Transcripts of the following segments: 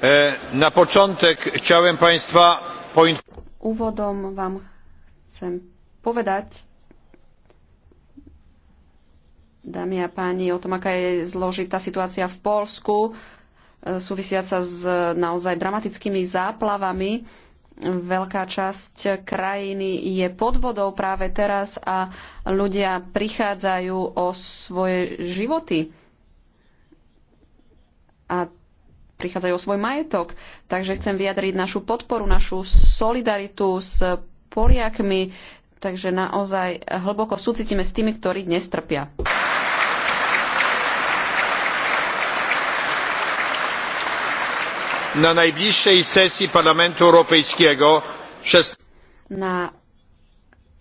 E, na początek chciałem Państwa Úvodom vám chcem povedať, dámy a páni, o tom, aká je zložitá situácia v Polsku, e, súvisiaca s naozaj dramatickými záplavami. Veľká časť krajiny je pod vodou práve teraz a ľudia prichádzajú o svoje životy. A prichádzajú o svoj majetok. Takže chcem vyjadriť našu podporu, našu solidaritu s Poliakmi, takže naozaj hlboko súcitíme s tými, ktorí dnes trpia. Na najbližšej sesii Parlamentu Európejského šest... na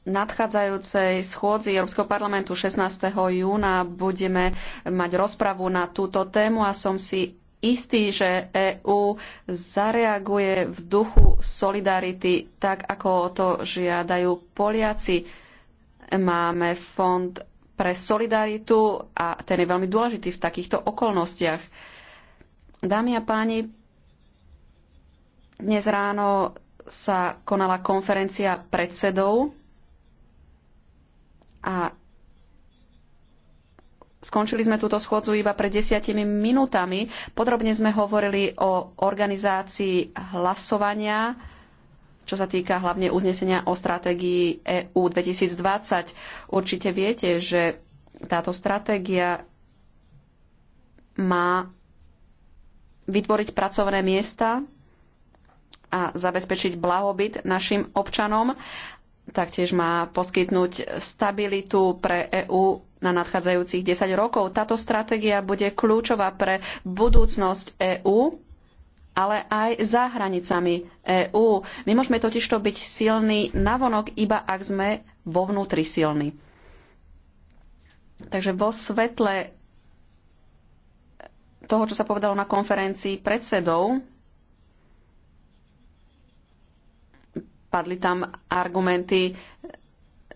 nadchádzajúcej schôdzi Európskeho parlamentu 16. júna budeme mať rozpravu na túto tému a som si istý, že EÚ zareaguje v duchu solidarity, tak ako o to žiadajú Poliaci. Máme fond pre solidaritu a ten je veľmi dôležitý v takýchto okolnostiach. Dámy a páni, dnes ráno sa konala konferencia predsedov a Skončili sme túto schôdzu iba pred desiatimi minútami. Podrobne sme hovorili o organizácii hlasovania, čo sa týka hlavne uznesenia o stratégii EU 2020. Určite viete, že táto stratégia má vytvoriť pracovné miesta a zabezpečiť blahobyt našim občanom taktiež má poskytnúť stabilitu pre EÚ na nadchádzajúcich 10 rokov. Táto stratégia bude kľúčová pre budúcnosť EÚ, ale aj za hranicami EÚ. My môžeme totižto byť silní navonok, iba ak sme vo vnútri silní. Takže vo svetle toho, čo sa povedalo na konferencii predsedov Padli tam argumenty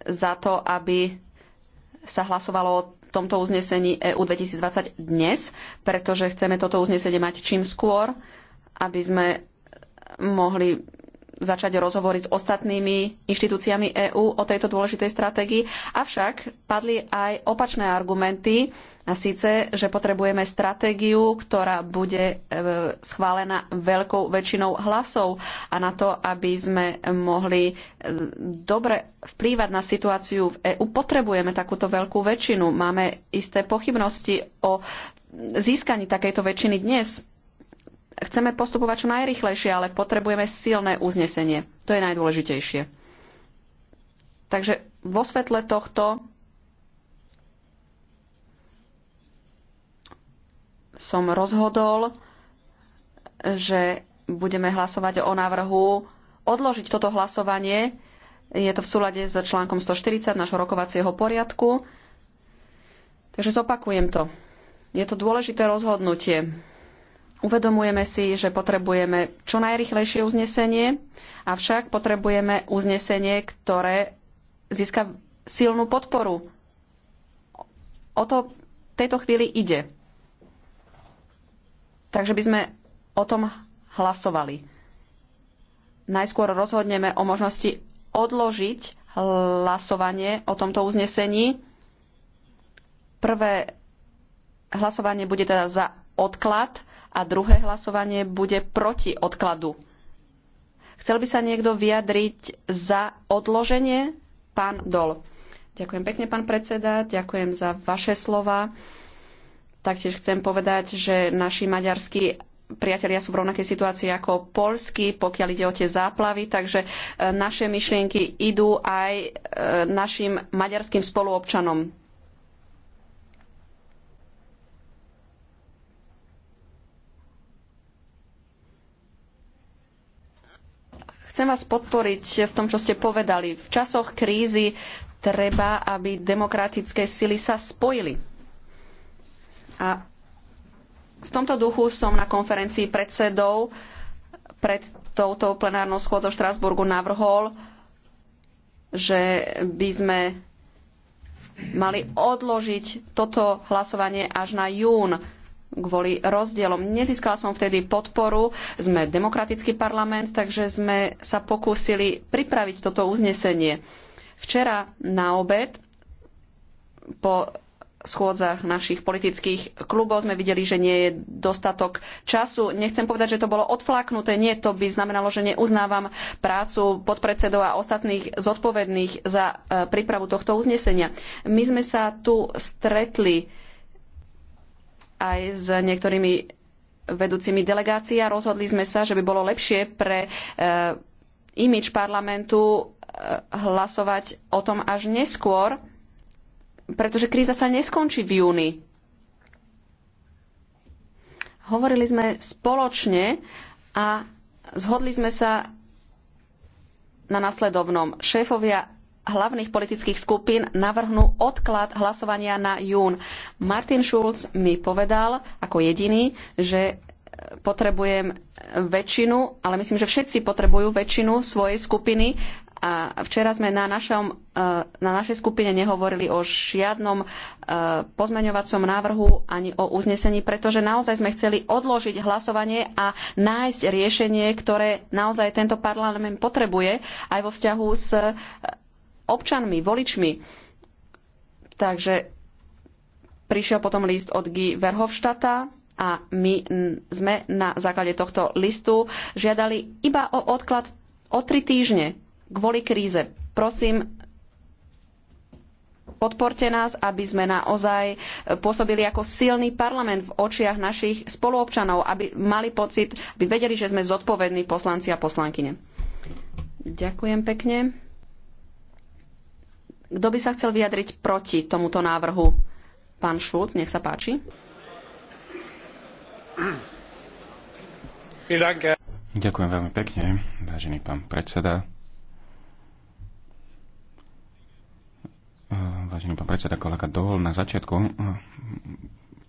za to, aby sa hlasovalo o tomto uznesení EU 2020 dnes, pretože chceme toto uznesenie mať čím skôr, aby sme mohli začať rozhovory s ostatnými inštitúciami EÚ o tejto dôležitej stratégii. Avšak padli aj opačné argumenty, a síce, že potrebujeme stratégiu, ktorá bude e, schválená veľkou väčšinou hlasov a na to, aby sme mohli e, dobre vplývať na situáciu v EÚ, potrebujeme takúto veľkú väčšinu. Máme isté pochybnosti o získaní takejto väčšiny dnes. Chceme postupovať čo najrychlejšie, ale potrebujeme silné uznesenie. To je najdôležitejšie. Takže vo svetle tohto som rozhodol, že budeme hlasovať o návrhu odložiť toto hlasovanie. Je to v súlade s článkom 140 našho rokovacieho poriadku. Takže zopakujem to. Je to dôležité rozhodnutie. Uvedomujeme si, že potrebujeme čo najrychlejšie uznesenie, avšak potrebujeme uznesenie, ktoré získa silnú podporu. O to v tejto chvíli ide. Takže by sme o tom hlasovali. Najskôr rozhodneme o možnosti odložiť hlasovanie o tomto uznesení. Prvé hlasovanie bude teda za odklad a druhé hlasovanie bude proti odkladu. Chcel by sa niekto vyjadriť za odloženie? Pán Dol. Ďakujem pekne, pán predseda, ďakujem za vaše slova. Taktiež chcem povedať, že naši maďarskí priatelia sú v rovnakej situácii ako Polsky, pokiaľ ide o tie záplavy, takže e, naše myšlienky idú aj e, našim maďarským spoluobčanom. Chcem vás podporiť v tom, čo ste povedali. V časoch krízy treba, aby demokratické sily sa spojili. A v tomto duchu som na konferencii predsedov pred touto plenárnou schôdzou v Štrásburgu navrhol, že by sme mali odložiť toto hlasovanie až na jún kvôli rozdielom. Nezískala som vtedy podporu, sme demokratický parlament, takže sme sa pokúsili pripraviť toto uznesenie. Včera na obed po schôdzach našich politických klubov sme videli, že nie je dostatok času. Nechcem povedať, že to bolo odflaknuté. Nie, to by znamenalo, že neuznávam prácu podpredsedov a ostatných zodpovedných za e, prípravu tohto uznesenia. My sme sa tu stretli aj s niektorými vedúcimi delegácií a rozhodli sme sa, že by bolo lepšie pre e, imič parlamentu e, hlasovať o tom až neskôr, pretože kríza sa neskončí v júni. Hovorili sme spoločne a zhodli sme sa na nasledovnom. Šéfovia hlavných politických skupín navrhnú odklad hlasovania na jún. Martin Schulz mi povedal ako jediný, že e, potrebujem väčšinu, ale myslím, že všetci potrebujú väčšinu svojej skupiny. A včera sme na, našom, e, na našej skupine nehovorili o žiadnom e, pozmeňovacom návrhu ani o uznesení, pretože naozaj sme chceli odložiť hlasovanie a nájsť riešenie, ktoré naozaj tento parlament potrebuje aj vo vzťahu s občanmi, voličmi. Takže prišiel potom list od Guy Verhofstadta a my sme na základe tohto listu žiadali iba o odklad o tri týždne kvôli kríze. Prosím, podporte nás, aby sme naozaj pôsobili ako silný parlament v očiach našich spoluobčanov, aby mali pocit, aby vedeli, že sme zodpovední poslanci a poslankyne. Ďakujem pekne. Kto by sa chcel vyjadriť proti tomuto návrhu? Pán Šulc, nech sa páči. Ďakujem veľmi pekne, vážený pán predseda. Vážený pán predseda, kolega Dol na začiatku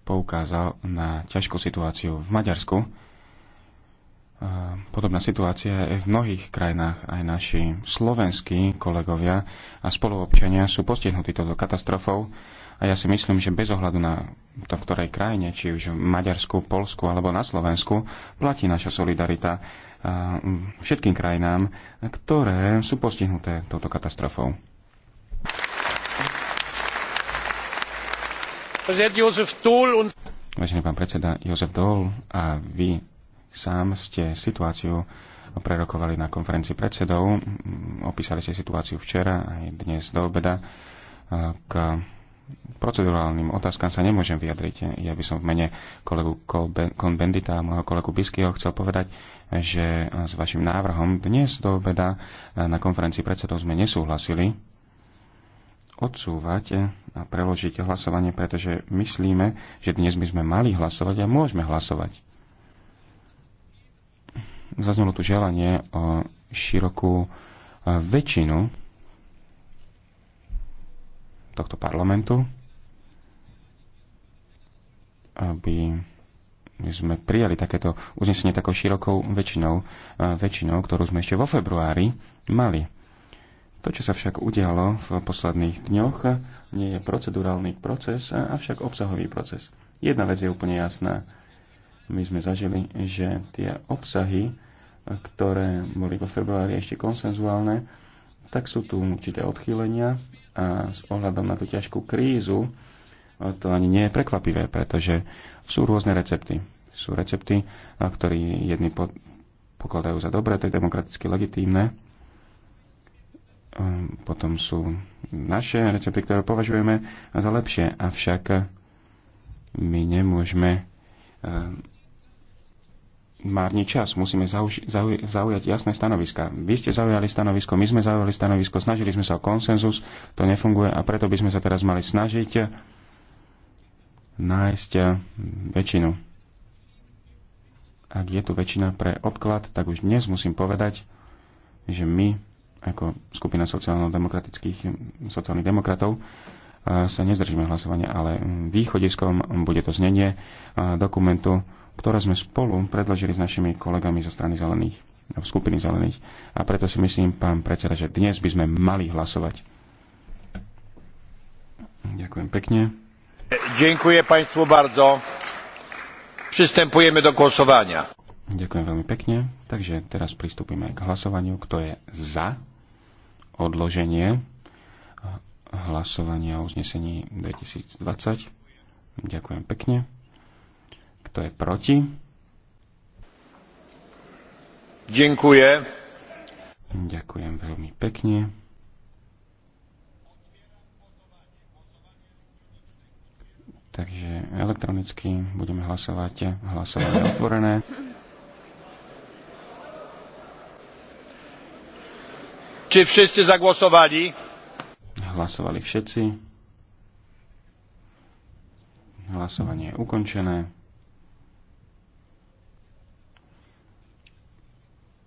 poukázal na ťažkú situáciu v Maďarsku Podobná situácia je v mnohých krajinách. Aj naši slovenskí kolegovia a spoluobčania sú postihnutí touto katastrofou. A ja si myslím, že bez ohľadu na to, v ktorej krajine, či už v Maďarsku, Polsku alebo na Slovensku, platí naša solidarita všetkým krajinám, ktoré sú postihnuté touto katastrofou. Vážený pán predseda Jozef Dol a vy Sám ste situáciu prerokovali na konferencii predsedov, opísali ste situáciu včera aj dnes do obeda. K procedurálnym otázkam sa nemôžem vyjadriť. Ja by som v mene kolegu Konbendita bendita a môjho kolegu Biskyho chcel povedať, že s vašim návrhom dnes do obeda na konferencii predsedov sme nesúhlasili, odsúvať a preložiť hlasovanie, pretože myslíme, že dnes by sme mali hlasovať a môžeme hlasovať zaznelo tu želanie o širokú e, väčšinu tohto parlamentu, aby sme prijali takéto uznesenie takou širokou väčšinou, e, väčšinou, ktorú sme ešte vo februári mali. To, čo sa však udialo v posledných dňoch, nie je procedurálny proces, avšak obsahový proces. Jedna vec je úplne jasná my sme zažili, že tie obsahy, ktoré boli vo februári ešte konsenzuálne, tak sú tu určité odchýlenia a s ohľadom na tú ťažkú krízu to ani nie je prekvapivé, pretože sú rôzne recepty. Sú recepty, ktoré jedni po, pokladajú za dobré, to je demokraticky legitímne. Ehm, potom sú naše recepty, ktoré považujeme za lepšie, avšak my nemôžeme ehm, márni čas. Musíme zauži- zau- zaujať jasné stanoviska. Vy ste zaujali stanovisko, my sme zaujali stanovisko, snažili sme sa o konsenzus, to nefunguje a preto by sme sa teraz mali snažiť nájsť eh, väčšinu. Ak je tu väčšina pre odklad, tak už dnes musím povedať, že my ako skupina sociálno-demokratických, sociálnych demokratov eh, sa nezdržíme hlasovania, ale východiskom bude to znenie eh, dokumentu ktoré sme spolu predložili s našimi kolegami zo strany zelených, v skupiny zelených. A preto si myslím, pán predseda, že dnes by sme mali hlasovať. Ďakujem pekne. Ďakujem Państwu bardzo. Přistępujeme do głosowania. Ďakujem veľmi pekne. Takže teraz pristúpime k hlasovaniu. Kto je za odloženie hlasovania o uznesení 2020? Ďakujem pekne. Kto je proti? Ďakujem. Ďakujem veľmi pekne. Takže elektronicky budeme hlasovať. Hlasovanie je otvorené. Či všetci zagłosowali? Hlasovali všetci. Hlasovanie je ukončené.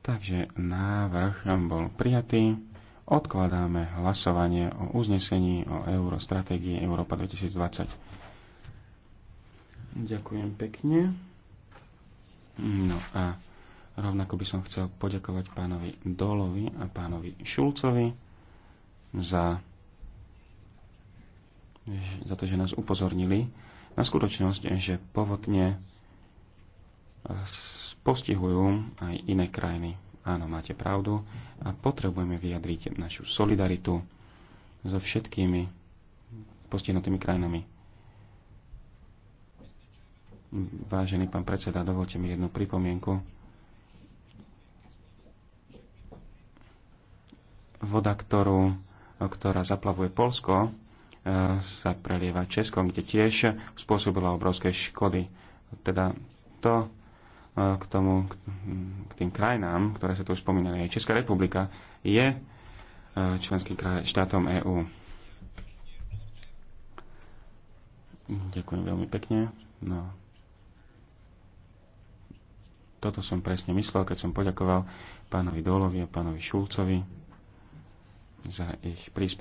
Takže návrh bol prijatý. Odkladáme hlasovanie o uznesení o eurostratégii Európa 2020. Ďakujem pekne. No a rovnako by som chcel poďakovať pánovi Dolovi a pánovi Šulcovi za, za to, že nás upozornili na skutočnosť, že povodne postihujú aj iné krajiny. Áno, máte pravdu a potrebujeme vyjadriť našu solidaritu so všetkými postihnutými krajinami. Vážený pán predseda, dovolte mi jednu pripomienku. Voda, ktorú, ktorá zaplavuje Polsko, e, sa prelieva Českom, kde tiež spôsobila obrovské škody. Teda to k, tomu, k tým krajinám, ktoré sa tu už spomínali. Česká republika je e, členským štátom EÚ. Ďakujem veľmi pekne. No. Toto som presne myslel, keď som poďakoval pánovi Dolovi a pánovi Šulcovi za ich príspevok.